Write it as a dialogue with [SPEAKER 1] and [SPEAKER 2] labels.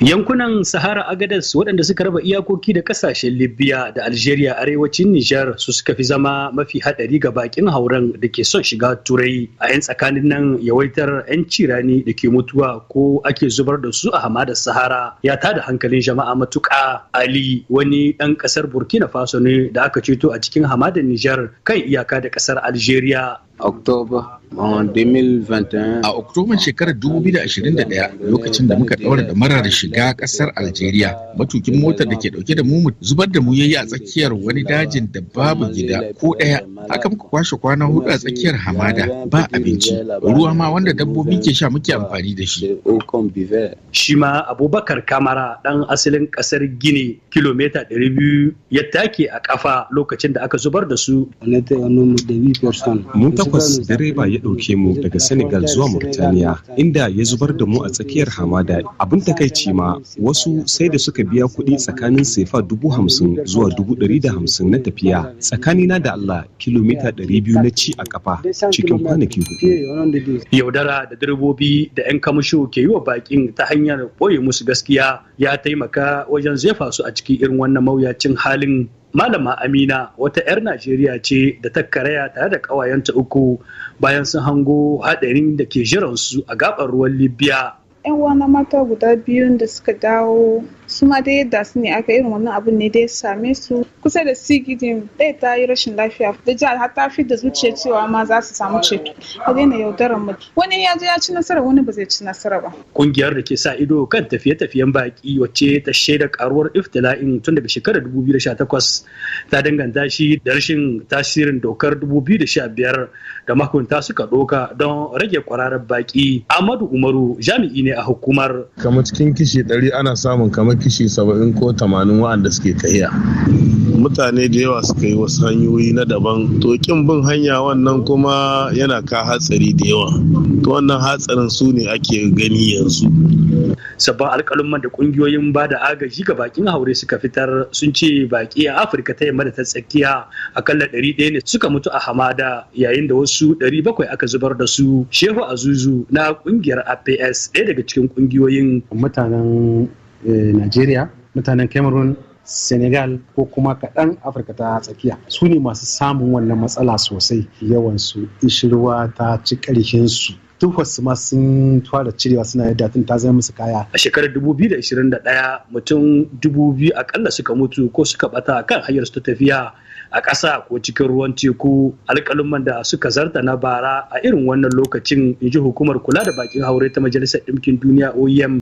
[SPEAKER 1] Yankunan Sahara Agadas waɗanda suka raba iyakoki da ƙasashen Libya da Algeria arewacin Nijar su suka fi zama mafi haɗari ga bakin hauren da ke son shiga Turai a 'yan tsakanin nan yawaitar 'yan cirani da ke mutuwa ko ake zubar da su a hamadar Sahara ya ta da hankalin jama'a matuƙa Ali wani ɗan ƙasar Burkina Faso ne da aka ceto a cikin hamadar Nijar kan iyaka da ƙasar Algeria October 2021. A Oktoban shekarar 2021 lokacin da muka daura da marar shiga ƙasar Algeria matukin motar da ke dauke da mu zubar da mu yayi a tsakiyar wani dajin da babu gida ko ɗaya, haka muka kwashe kwana hudu a tsakiyar hamada ba abinci ruwa ma wanda dabbobi ke sha muke amfani da shi. Shi ma Abubakar Kamara ɗan asalin ƙasar Gini kilomita 200 ya take a ƙafa lokacin da aka zubar da su. Mun takwas direba ya ɗauke mu daga Senegal zuwa Murtaniya inda ya zubar da mu a tsakiyar hamada. Abin takaici ma wasu sai da suka biya kuɗi tsakanin sefa dubu hamsin zuwa dubu ɗari da hamsin na tafiya tsakanina da Allah kilomita ɗari biyu na ci a kafa cikin kwanaki hudu. Yaudara da direbobi da 'yan kamasho ke yi wa bakin ta hanyar ɓoye musu gaskiya ya taimaka wajen zefa su a cikin irin wannan mawuyacin halin Malama Amina wata 'yar Najeriya ce da ta karaya tare da ƙawayenta uku bayan sun hango hadarin da ke jiransu a gaɓar ruwan Libya yan uwana mata guda biyu da suka dawo su ma dai yadda su ne aka irin wannan abun ne dai same su kusa da sigidin ɗaya ta yi rashin lafiya da jihar har ta fi da zuciya cewa ma za su samu ceto ka daina yaudarar mu wani ya je ya ci nasara wani ba zai ci nasara ba ƙungiyar da ke sa ido kan tafiye-tafiyen baki wacce ta shaida karuwar iftila'in tun daga shekarar 2018 ta danganta shi da rashin tasirin dokar 2015 da makunta suka doka don rage kwararar baki amadu umaru jami'i ne ne a hukumar kamar cikin kishi ɗari ana samun kamar kishi saba'in ko tamanin wa'anda suke tahiya mutane da yawa suka yi wasu hanyoyi na daban to kin bin hanya wannan kuma yana ka hatsari da yawa to wannan hatsarin su ne ake gani yanzu sabbin alkalumman da kungiyoyin ba da agaji ga bakin haure suka fitar sun ce baki a afirka ta yamma da ta tsakiya akalla ɗari ɗaya ne suka mutu a hamada yayin da wasu ɗari bakwai aka zubar da su shehu azuzu na kungiyar aps ɗaya daga cikin kungiyoyin mutanen eh, nigeria mutanen cameroon senegal ko kuma kaɗan afirka ta tsakiya su ne masu samun wannan matsala sosai yawansu su ta ci ƙarshen su tufarsu ma sun fara cirewa suna yadda tun ta zama musu kaya. A shekarar 2021 mutum 2000 akalla suka mutu ko suka bata kan hanyar su ta tafiya a ƙasa ko cikin ruwan teku alƙalumman da suka zarta na bara a irin wannan lokacin in ji hukumar kula da bakin haure ta majalisar ɗinkin duniya OEM